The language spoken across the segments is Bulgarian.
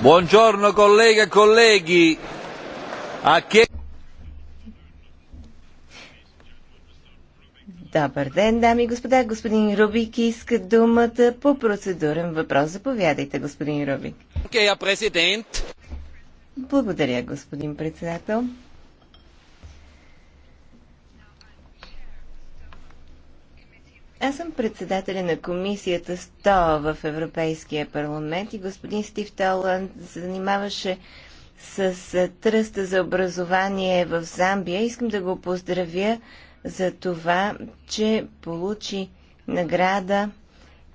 Buongiorno colleghe e colleghi. A che... Добър ден, дами и господа. Господин Рубик иска думата по процедурен въпрос. Заповядайте, господин Рубик. Благодаря, господин председател. Аз съм председателя на комисията 100 в Европейския парламент и господин Стив Толанд се занимаваше с тръста за образование в Замбия. Искам да го поздравя за това, че получи награда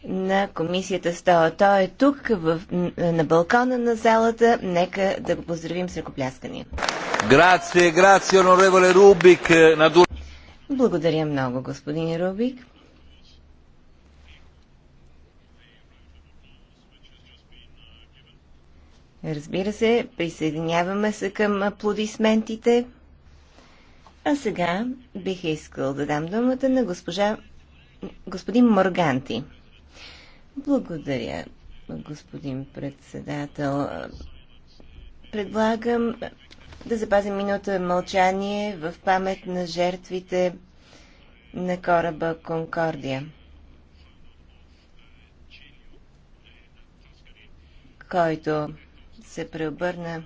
на комисията 100. Той е тук в, на балкона на залата. Нека да го поздравим с ръкопляскания. Грация, грация, Рубик. Благодаря много, господин Рубик. Разбира се, присъединяваме се към аплодисментите. А сега бих искал да дам думата на госпожа... господин Морганти. Благодаря, господин председател. Предлагам да запазим минута мълчание в памет на жертвите на кораба Конкордия. който се преобърна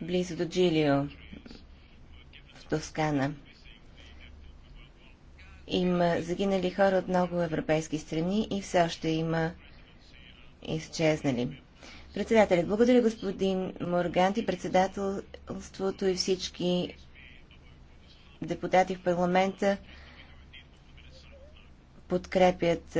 близо до Джилио в Тоскана. Има загинали хора от много европейски страни и все още има изчезнали. Председателят, благодаря господин Моргант и председателството и всички депутати в парламента подкрепят